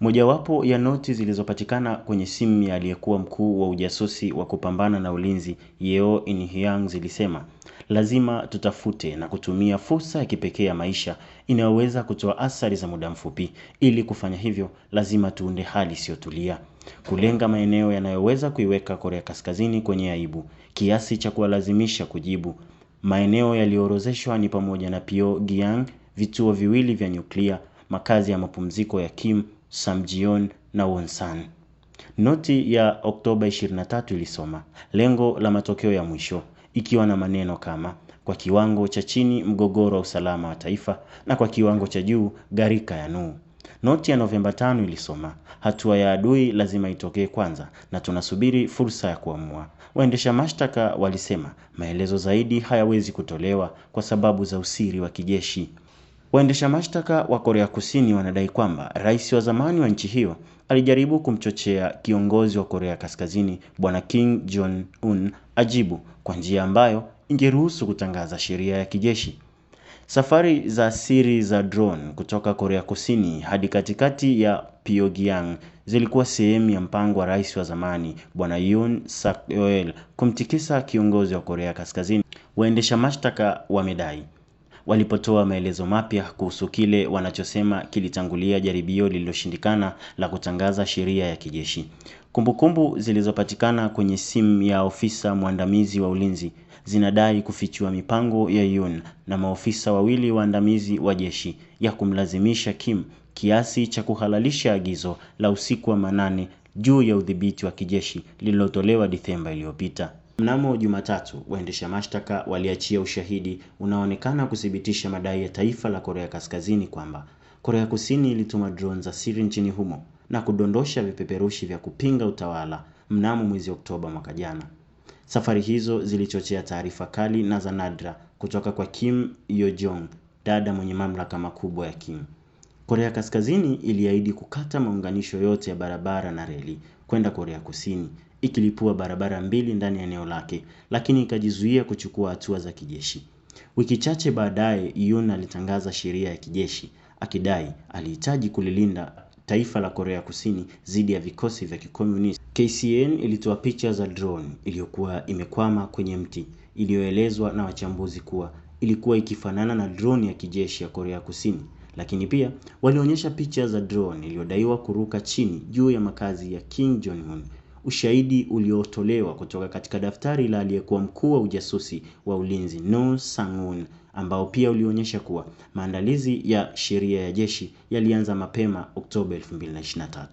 Mojawapo ya noti zilizopatikana kwenye simu ya aliyekuwa mkuu wa ujasusi wa kupambana na ulinzi Yeo Inhyang zilisema, lazima tutafute na kutumia fursa ya kipekee ya maisha inayoweza kutoa athari za muda mfupi. Ili kufanya hivyo, lazima tuunde hali isiyotulia, kulenga maeneo yanayoweza kuiweka Korea Kaskazini kwenye aibu kiasi cha kuwalazimisha kujibu. Maeneo yaliyoorozeshwa ni pamoja na Pyongyang, vituo viwili vya nyuklia, makazi ya mapumziko ya Kim Samjion na Wonsan. Noti ya Oktoba 23 ilisoma lengo la matokeo ya mwisho ikiwa na maneno kama kwa kiwango cha chini mgogoro wa usalama wa taifa na kwa kiwango cha juu gharika ya nuu. Noti ya Novemba 5 ilisoma hatua ya adui lazima itokee kwanza na tunasubiri fursa ya kuamua. Waendesha mashtaka walisema maelezo zaidi hayawezi kutolewa kwa sababu za usiri wa kijeshi. Waendesha mashtaka wa Korea Kusini wanadai kwamba rais wa zamani wa nchi hiyo alijaribu kumchochea kiongozi wa Korea Kaskazini Bwana Kim Jong Un ajibu kwa njia ambayo ingeruhusu kutangaza sheria ya kijeshi. Safari za siri za drone kutoka Korea Kusini hadi katikati ya Pyongyang zilikuwa sehemu ya mpango wa rais wa zamani Bwana Yoon Suk Yeol kumtikisa kiongozi wa Korea Kaskazini, waendesha mashtaka wamedai walipotoa maelezo mapya kuhusu kile wanachosema kilitangulia jaribio lililoshindikana la kutangaza sheria ya kijeshi. Kumbukumbu zilizopatikana kwenye simu ya ofisa mwandamizi wa ulinzi zinadai kufichua mipango ya Yoon na maofisa wawili waandamizi wa jeshi ya kumlazimisha Kim kiasi cha kuhalalisha agizo la usiku wa manane juu ya udhibiti wa kijeshi lililotolewa Disemba iliyopita. Mnamo Jumatatu, waendesha mashtaka waliachia ushahidi unaoonekana kuthibitisha madai ya taifa la Korea Kaskazini kwamba Korea Kusini ilituma droni za siri nchini humo na kudondosha vipeperushi vya kupinga utawala mnamo mwezi Oktoba mwaka jana. Safari hizo zilichochea taarifa kali na za nadra kutoka kwa Kim Yo Jong, dada mwenye mamlaka makubwa ya Kim. Korea Kaskazini iliahidi kukata maunganisho yote ya barabara na reli kwenda Korea Kusini ikilipua barabara mbili ndani ya eneo lake, lakini ikajizuia kuchukua hatua za kijeshi. Wiki chache baadaye, Yoon alitangaza sheria ya kijeshi akidai alihitaji kulilinda taifa la Korea Kusini dhidi ya vikosi vya kikomunisti. KCN ilitoa picha za drone iliyokuwa imekwama kwenye mti, iliyoelezwa na wachambuzi kuwa ilikuwa ikifanana na drone ya kijeshi ya Korea Kusini, lakini pia walionyesha picha za drone iliyodaiwa kuruka chini juu ya makazi ya Kim Jong Un ushahidi uliotolewa kutoka katika daftari la aliyekuwa mkuu wa ujasusi wa ulinzi no sangun ambao pia ulionyesha kuwa maandalizi ya sheria ya jeshi yalianza mapema Oktoba 2023.